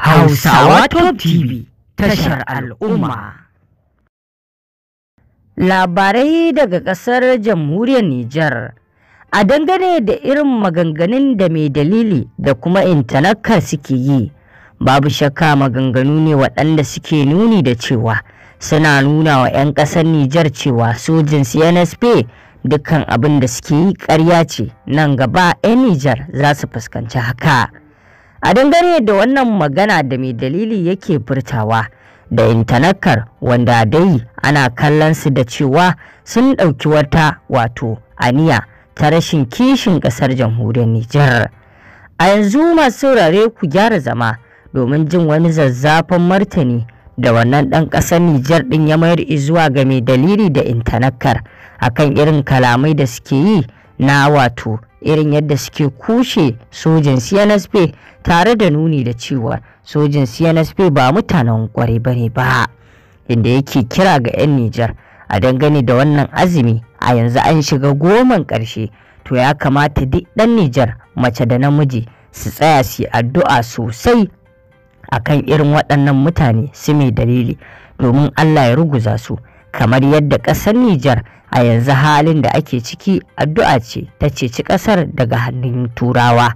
Hausawa Top TV tashar al'umma. Labarai daga ƙasar jamhuriyar Nijar a dangane da irin maganganun da mai dalili da kuma intanakar suke yi babu shakka maganganu ne waɗanda suke nuni da cewa suna nuna wa 'yan ƙasar Nijar cewa sojin CNSP dukkan abin da suke yi ƙarya ce nan gaba 'yan Nijar za su fuskanci haka. a dangane da wannan magana da mai dalili yake furtawa da intanakar wanda dai ana kallon su da cewa sun ɗauki wata wato aniya ta rashin kishin ƙasar jamhuriyar Nijar. A yanzu masu saurare ku gyara zama domin jin wani zazzafan martani da wannan ɗan ƙasar Nijar ɗin ya mayar zuwa ga mai dalili da intanakar akan irin kalamai da suke yi na wato irin yadda suke kushe sojin cnsp tare da nuni da cewa sojin cnsp ba mutanen kware bane ba inda yake kira ga 'yan nijar a dangane da wannan azumi a yanzu an shiga goman ƙarshe to ya kamata duk ɗan nijar mace da namiji su tsaya su addu'a sosai akan irin waɗannan mutane su mai dalili domin allah ya ruguza su kamar yadda ƙasar Nijar a yanzu halin da ake ciki addu'a ce ta ceci ƙasar daga hannun turawa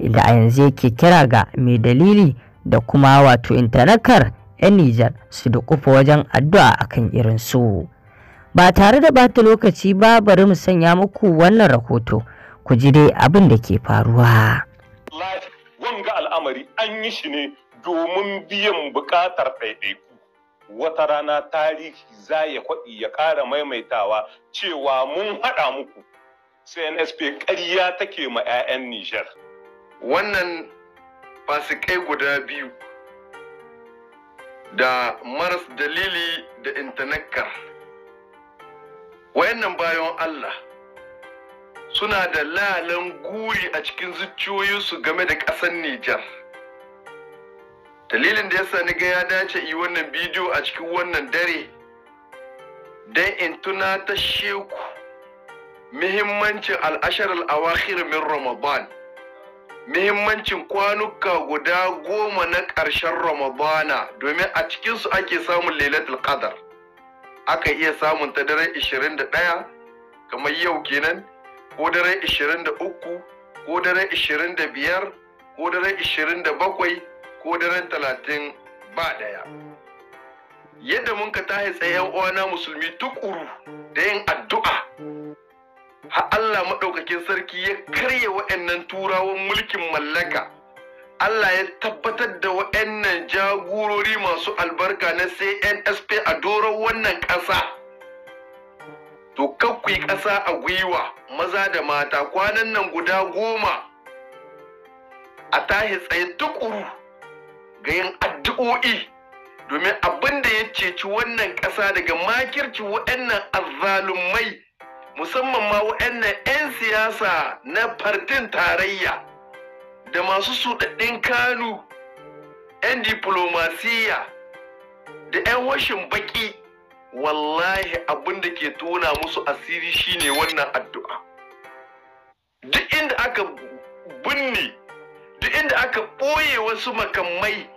inda a yanzu yake kira ga mai dalili da kuma wato intanakar 'yan Nijar su da kufa wajen addu'a akan irin su. Ba tare da bata lokaci ba bari mu sanya muku wannan rahoto ku ji dai abin da ke faruwa. Wanga al'amari an yi shi ne domin biyan bukatar ɗaiɗaiku. wata rana tarihi za ya kwaɗi ya ƙara maimaitawa cewa mun haɗa muku CNSP ƙarya take ma 'ya'yan Nijar. Wannan fasikai guda biyu da maras dalili da intanakar wayannan bayan Allah suna da lalan guri a cikin zuciyoyinsu game da ƙasar Nijar. dalilin da yasa ni ga ya dace yi wannan bidiyo a cikin wannan dare don in tuna ta sheku muhimmancin al'ashar al'awakhir min ramadan muhimmancin kwanuka guda goma na ƙarshen ramadana domin a cikinsu ake samun lailatul qadar aka iya samun ta daren 21 kamar yau kenan ko daren 23 ko daren 25 ko daren 27 ko daren talatin ba ɗaya yadda mun ka tahi tsayen uwana musulmi tukuru da yin addu'a ha Allah maɗaukakin sarki ya karya wa'annan turawan mulkin mallaka Allah ya tabbatar da wa'annan jagorori masu albarka na CNSP a doron wannan ƙasa. to kakwai ƙasa a gwiwa maza da mata kwanan nan guda goma a tahi tsaye tukuru ga yin addu'o'i domin abin da ya ceci wannan ƙasa daga makirci waɗannan azzalumai musamman ma waɗannan 'yan siyasa na fardin tarayya da masu suɗaɗɗin kanu 'yan diplomasiya da 'yan washin baƙi wallahi abin da ke tona musu asiri shine wannan addu'a duk inda aka binne duk inda aka ɓoye wasu makamai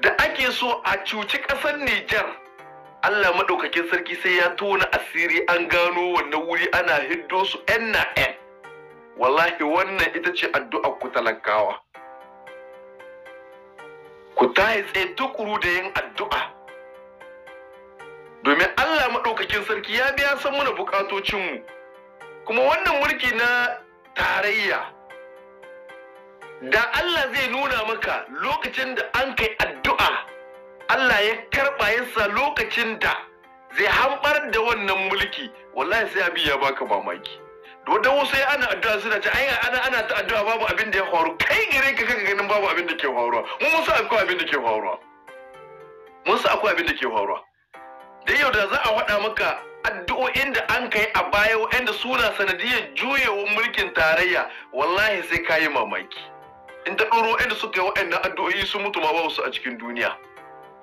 da ake so a cuci ƙasar Nijar. Allah maɗaukakin sarki sai ya tona asiri an gano wannan wuri ana hiddo su ‘yan na ‘yan. Wallahi wannan ita ce addu'ar ku talakawa. Ku tahi tsaye tukuru da yin addu'a. Domin Allah maɗaukakin sarki ya biya san muna bukatocinmu. Kuma wannan mulki na tarayya da Allah zai nuna maka lokacin da an kai addu'a Allah ya karɓa yasa lokacin da zai hambar da wannan mulki wallahi sai abin ya baka mamaki da wasu ya ana addu'a suna ce ai ana ana ta addu'a babu abin da ya faru kai gare ka kaka ganin babu abin da ke faruwa mun musu akwai abin da ke faruwa mun su akwai abin da ke faruwa da yau da za a faɗa maka addu'o'in da an kai a baya da suna sanadiyar juyewar mulkin tarayya wallahi sai ka yi mamaki in ta ɗoro da suka yi waɗannan addu'o'i sun mutu ma ba su a cikin duniya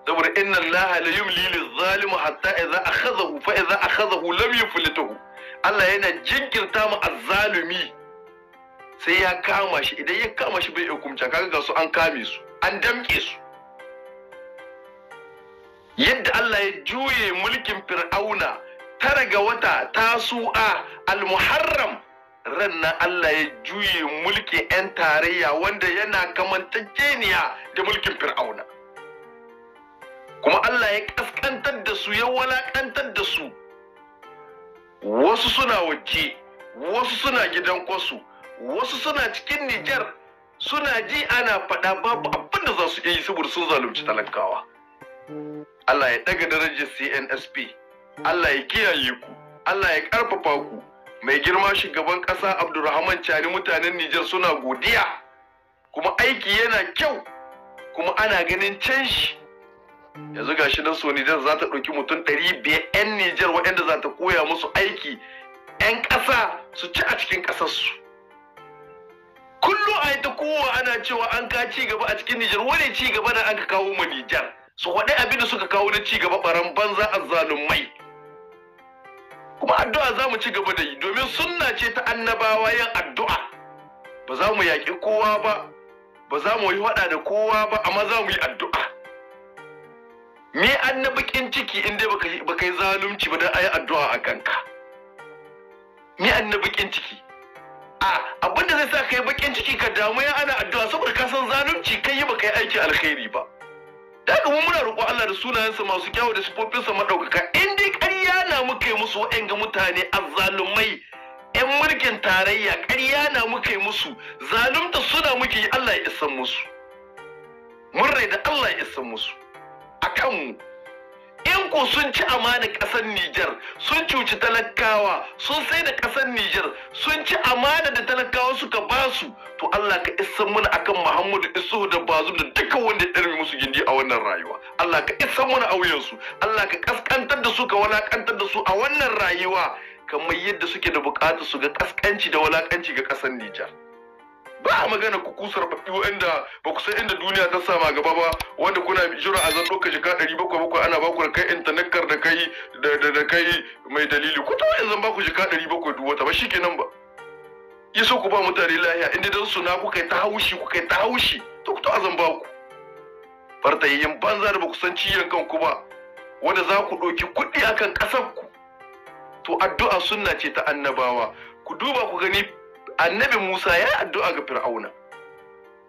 saboda inna allaha la yumli lizzalimi hatta idza akhadhahu fa idza akhadhahu lam yuflituhu Allah yana jinkirta mu azzalumi sai ya kama shi idan ya kama shi bai hukunta kaga ga su an kame su an damke su yadda Allah ya juye mulkin fir'auna tara ga wata tasu'a al-muharram ran nan Allah ya juye mulki 'yan tarayya wanda yana kamantaceniya da mulkin fir'auna kuma Allah ya kaskantar da su ya walaƙantar da su wasu suna waje wasu suna gidan kwasu wasu suna cikin Nijar suna ji ana faɗa babu abinda za su yi saboda sun zalunci talakawa Allah ya ɗaga darajar CNSP Allah ya kiyaye ku Allah ya ƙarfafa ku mai girma shugaban ƙasa abdulrahman cani mutanen nijar suna godiya kuma aiki yana kyau kuma ana ganin canji yanzu gashi nan so nijar za ta ɗauki mutum ɗari biyar 'yan nijar waɗanda za ta koya musu aiki 'yan ƙasa su ci a cikin ƙasarsu kullum a ta kowa ana cewa an ka ci gaba a cikin nijar wani ci gaba da an ka kawo ma nijar su waɗi abin da suka kawo na ci gaba ɓaran banza a kuma addu'a za mu ci gaba da yi domin sunna ce ta annabawa yin addu'a ba za mu yaƙi kowa ba ba za mu yi faɗa da kowa ba amma za mu yi addu'a me annabikin ciki in dai baka yi zalunci ba dan ayi addu'a a kanka me annabikin ciki a abin da zai sa kai bakin ciki ka damu ya ana addu'a saboda ka san zalunci kai yi baka yi aiki alkhairi ba da haka mun muna roƙo Allah da sunayensa masu kyawu da sifofinsa madaukaka in dai ƙarya na muke musu waɗanga mutane azzalumai 'yan mulkin tarayya ƙarya na muke musu zalunta suna muke yi Allah ya isan musu mun da Allah ya isan musu akan mu in ku sun ci amanar ƙasar Nijar sun cuci talakawa sun sai da ƙasar Nijar sun ci amana da talakawa suka ba su to Allah ka isan mana akan Muhammadu Isuhu da bazu da duka wanda ya ɗarmi musu gindi a wannan rayuwa Allah ka isan mana a wuyansu Allah ka kaskantar da su ka walakantar da su a wannan rayuwa kamar yadda suke da bukatar su ga kaskanci da walakanci ga ƙasar Nijar ba magana ku kusar baki inda ba ku san inda duniya ta sama gaba ba wanda kuna jira a zan ɗauka shiga ɗari bakwai bakwai ana baku da kai intanakar da kai da kai mai dalili ku to yanzu ba ku shiga ɗari bakwai duk wata ba shi kenan ba ya so ku ba mutane lahiya inda dan suna ku kai ta haushi ku kai ta haushi to ku to a zan ba ku Farta yin banza da ba ku san ciyan kanku ba wanda za ku ɗauki kuɗi akan ƙasar ku to addu'a sunna ce ta annabawa ku duba ku gani annabi Musa ya addu'a ga Fir'auna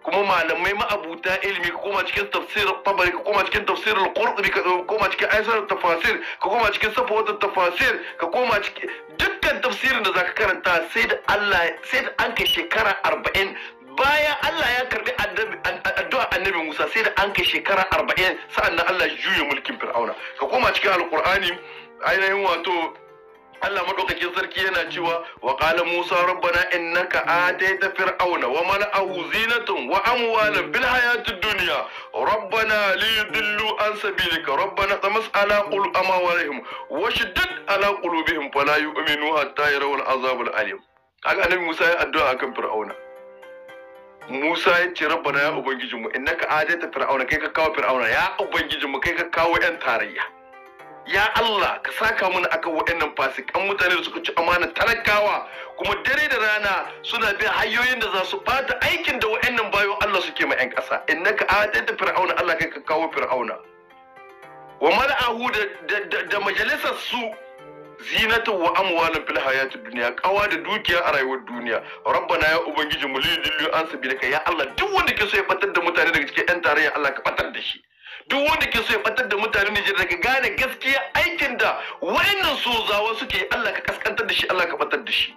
kuma malamai ma'abuta ilimi ka koma cikin tafsir tabari ka koma cikin tafsir al-qurtubi ka koma cikin aisar tafasir ka koma cikin safawat tafasir ka koma cikin dukkan tafsirin da zaka karanta sai da Allah sai da an kai shekara 40 bayan Allah ya karbi addu'a annabi Musa sai da an kai shekara 40 sa'annan Allah ya juye mulkin Fir'auna ka koma cikin al-Qur'ani ainihin wato Allah madaukakin sarki yana cewa wa qala Musa rabbana innaka ataita fir'auna wa mala'ahu zinatan wa amwalan bil hayatid dunya rabbana liyudillu an sabilika rabbana tamas ala qulama walihim wa shiddid ala qulubihim fala yu'minu hatta yarawul azabul alim kaga annabi Musa ya addu'a akan fir'auna Musa ya ce rabbana ya ubangijinmu innaka ataita fir'auna kai ka kawo fir'auna ya ubangijinmu kai ka kawo yan tarayya ya Allah ka saka mana akan waɗannan fasikan mutane da suka ci amana talakawa kuma dare da rana suna bin hanyoyin da za su bata aikin da waɗannan bayan Allah suke ma 'yan ƙasa ka adadda fir'auna Allah kai ka kawo fir'auna wa mal'ahu da da majalisar su zinata wa amwalan fil hayatid dunya kawa da dukiya a rayuwar duniya rabbana ya ubangiji mu lidillu an sabilaka ya Allah duk wanda ke so ya batar da mutane daga cikin 'yan tarayya Allah ka batar da shi duk wanda ke so ya batar da mutane Nijar daga gane gaskiya aikin da wayannan sozawa suke Allah ka kaskantar da shi Allah ka batar da shi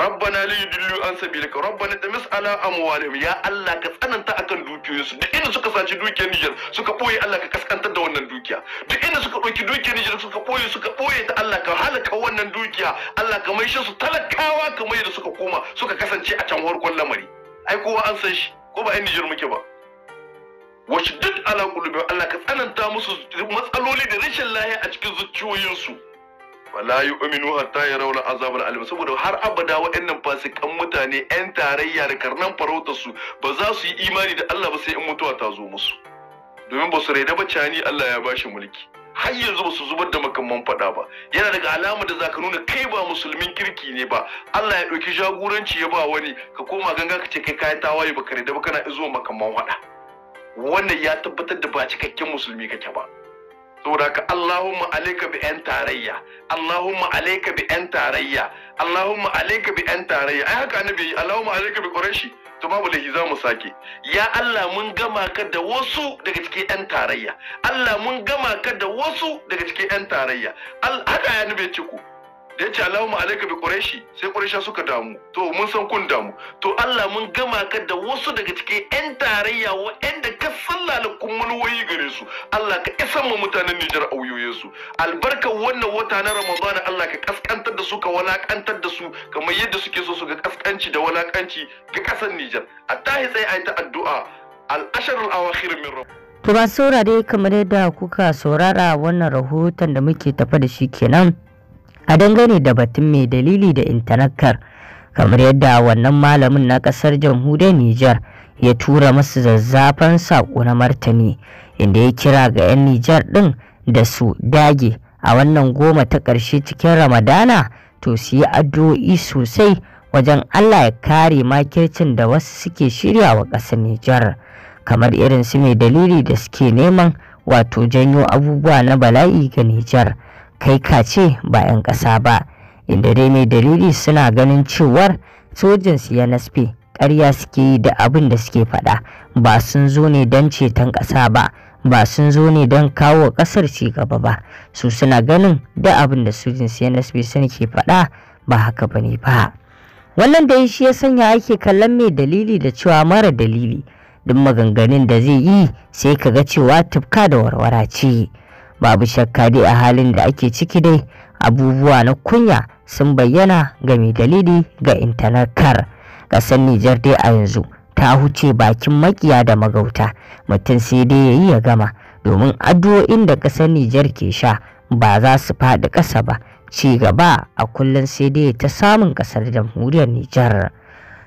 rabbana la yudillu an sabilika rabbana tamis ala amwalihim ya Allah ka tsananta akan dukiyoyinsu duk inda suka saci dukiyar Niger suka boye Allah ka kaskantar da wannan dukiya duk inda suka dauki dukiyar Niger suka boye suka boye ta Allah ka halaka wannan dukiya Allah ka maishe su talakawa kamar yadda suka koma suka kasance a can warkon lamari ai kowa an san shi ko ba ai Niger muke ba wasu duk ala Allah ka tsananta musu matsaloli da rashin lahiya a cikin zuciyoyinsu wala ta hatta raunar azabar alim saboda har abada waɗannan fasikan mutane yan tarayya da karnan farautar su ba za su yi imani da Allah ba sai in mutuwa ta zo musu domin ba su raida ba cani Allah ya bashi mulki har yanzu ba su zubar da makamman faɗa ba yana daga alama da za ka nuna kai ba musulmin kirki ne ba Allah ya ɗauki jagoranci ya ba wani ka koma ganga ka ce kai kayan tawaye ba ka raida ba kana izuwa makamman faɗa wannan ya tabbatar da ba cikakken musulmi kake ba saboda ka, Allahumma alayka bi yan tarayya Allahumma alayka bi yan tarayya Allahumma alayka bi yan tarayya ai haka annabi yi Allahumma alayka bi quraishi to babu lahi za mu sake ya Allah mun gama ka da wasu daga cikin yan tarayya Allah mun gama ka da wasu daga cikin yan tarayya haka ya nabe ciku da yace Allahumma alayka bi quraishi sai quraisha suka damu to mun san kun damu to Allah mun gama ka da wasu daga cikin yan tarayya wa'anda ka sallala kun wayi gare su Allah ka isan mu mutanen Nijar auyoyin su Albarka, wannan wata na Ramadan Allah ka kaskantar da su ka walakantar da su kamar yadda suke so su ga kaskanci da walakanci ga kasar Nijar a tahi tsaye ayi ta addu'a al-asharul awakhir min rabb To ba dai kamar yadda kuka saurara wannan rahoton da muke tafa da shi kenan. a dangane da batun mai dalili da intanakar kamar yadda wannan malamin na kasar jamhuriyar Nijar ya tura masu zazzafan saƙo na martani inda ya kira ga 'yan Nijar ɗin da su dage a wannan goma ta ƙarshe cikin Ramadana to su yi addu'o'i sosai wajen Allah ya kare makircin da wasu suke shirya wa ƙasar Nijar kamar irin su mai dalili da suke neman wato janyo abubuwa na bala'i ga Nijar. kai kace ba 'yan ƙasa ba inda dai mai dalili suna ganin cewar sojin nasfe ƙarya suke yi da abin da suke faɗa ba sun zo ne don ceton ƙasa ba ba sun zo ne don kawo ƙasar ci gaba ba su suna ganin da abin da sojin nasfe sun ke faɗa ba haka ba ne ba wannan da shi ya sanya ake kallon mai dalili da cewa mara dalili duk maganganun da zai yi sai ka ga cewa tufka da warwara ce babu shakka dai a halin da ake ciki dai abubuwa na kunya sun bayyana ga mai dalili ga intanet kar ƙasar nijar dai a yanzu ta huce bakin makiya da magauta mutum sai dai ya yi ya gama domin addu'o'in da ƙasar nijar ke sha ba za su faɗi ƙasa ba ci gaba a kullum sai dai ta samun ƙasar jamhuriyar nijar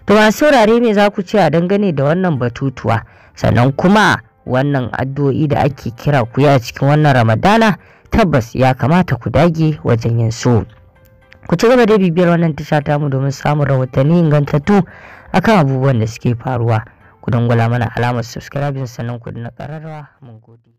to masu saurare me za ku ce a dangane da wannan batutuwa sannan kuma wannan addu'o'i da ake kira ku yi a cikin wannan ramadana tabbas ya kamata ku dage wajen yin su ku ci gaba da bibiyar wannan tasha ta tamu domin samun rahotanni ingantattu akan abubuwan da suke faruwa ku dangula mana alamar subscribing sannan ku na ƙararrawa mun gode